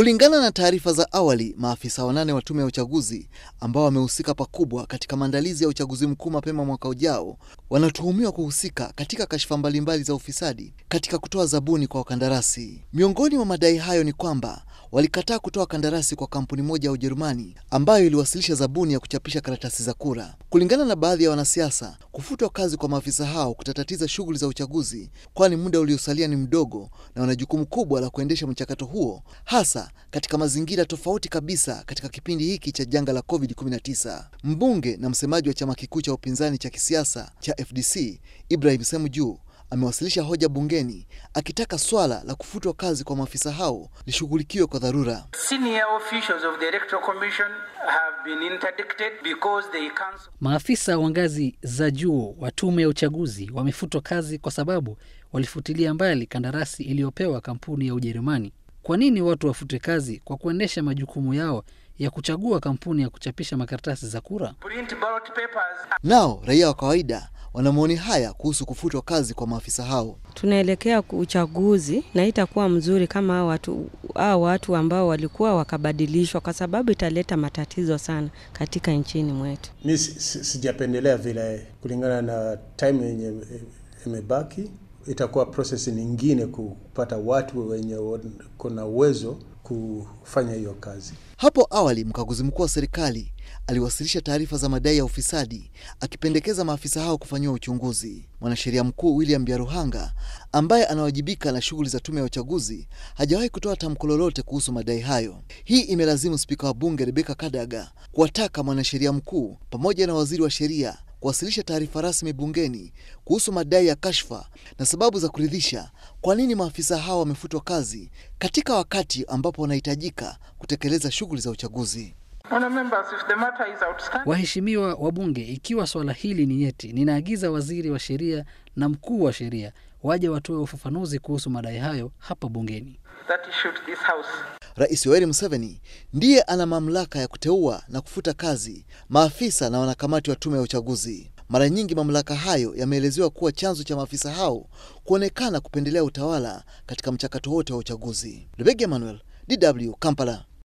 Kulingana na taarifa za awali, maafisa wanane wa tume ya uchaguzi ambao wamehusika pakubwa katika maandalizi ya uchaguzi mkuu mapema mwaka ujao wanatuhumiwa kuhusika katika kashfa mbalimbali za ufisadi katika kutoa zabuni kwa wakandarasi. Miongoni mwa madai hayo ni kwamba walikataa kutoa kandarasi kwa kampuni moja ya Ujerumani ambayo iliwasilisha zabuni ya kuchapisha karatasi za kura. Kulingana na baadhi ya wanasiasa, kufutwa kazi kwa maafisa hao kutatatiza shughuli za uchaguzi, kwani muda uliosalia ni mdogo na wana jukumu kubwa la kuendesha mchakato huo, hasa katika mazingira tofauti kabisa katika kipindi hiki cha janga la COVID-19. Mbunge na msemaji wa chama kikuu cha upinzani cha kisiasa cha FDC Ibrahim juu amewasilisha hoja bungeni akitaka swala la kufutwa kazi kwa maafisa hao lishughulikiwe kwa dharura. Maafisa wa ngazi za juu wa tume ya uchaguzi wamefutwa kazi kwa sababu walifutilia mbali kandarasi iliyopewa kampuni ya Ujerumani. Kwa nini watu wafutwe kazi kwa kuendesha majukumu yao ya kuchagua kampuni ya kuchapisha makaratasi za kura? Nao raia wa kawaida wana maoni haya kuhusu kufutwa kazi kwa maafisa hao. Tunaelekea uchaguzi na itakuwa mzuri kama hao watu, watu ambao walikuwa wakabadilishwa, kwa sababu italeta matatizo sana katika nchini mwetu. Mi sijapendelea vile kulingana na time yenye imebaki itakuwa proses nyingine kupata watu wenye kuna uwezo kufanya hiyo kazi. Hapo awali mkaguzi mkuu wa serikali aliwasilisha taarifa za madai ya ufisadi akipendekeza maafisa hao kufanyiwa uchunguzi. Mwanasheria mkuu William Byaruhanga ambaye anawajibika na shughuli za tume ya uchaguzi hajawahi kutoa tamko lolote kuhusu madai hayo. Hii imelazimu spika wa bunge rebeka Kadaga kuwataka mwanasheria mkuu pamoja na waziri wa sheria kuwasilisha taarifa rasmi bungeni kuhusu madai ya kashfa na sababu za kuridhisha kwa nini maafisa hawa wamefutwa kazi katika wakati ambapo wanahitajika kutekeleza shughuli za uchaguzi. Waheshimiwa wabunge, ikiwa swala hili ni nyeti, ninaagiza waziri wa sheria na mkuu wa sheria waje watoe ufafanuzi kuhusu madai hayo hapa bungeni. Rais Yoweri Museveni ndiye ana mamlaka ya kuteua na kufuta kazi maafisa na wanakamati wa tume ya uchaguzi. Mara nyingi mamlaka hayo yameelezewa kuwa chanzo cha maafisa hao kuonekana kupendelea utawala katika mchakato wote wa uchaguzi. Emmanuel, DW, Kampala.